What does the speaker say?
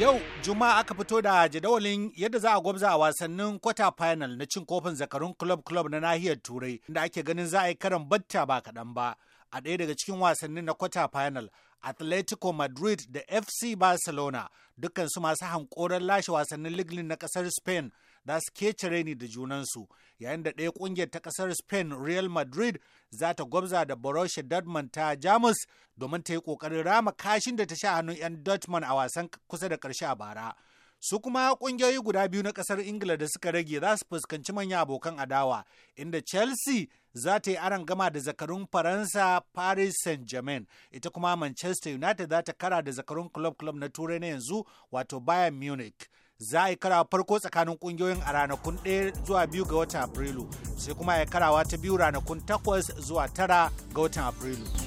Yau Juma'a aka fito da jadawalin yadda za a gwabza a wasannin kwata final na cin kofin zakarun club club na nahiyar Turai da ake ganin za a yi karan batta ba kaɗan ba. a ɗaya daga cikin wasannin na kwata final atletico madrid da fc barcelona dukansu masu hankoron lashe wasannin liglin na ƙasar spain za su cire ni da junansu yayin da ɗaya ƙungiyar ta ƙasar spain real madrid za ta gwabza da borussia dortmund ta jamus domin ta yi ƙoƙarin rama kashin da ta sha hannun 'yan dortmund a wasan kusa da ƙarshe a bara su kuma ƙungiyoyi guda biyu na ƙasar ingila da suka rage za su fuskanci manyan abokan adawa inda chelsea za ta yi aron gama da zakarun Faransa Paris Saint-Germain, ita kuma Manchester United za ta kara da zakarun club club na Turai na yanzu wato Bayern Munich. Za a yi karawa farko tsakanin kungiyoyin a ranakun 1 zuwa 2 ga watan Afrilu, sai kuma ya karawa ta biyu ranakun 8 zuwa 9 ga watan Afrilu.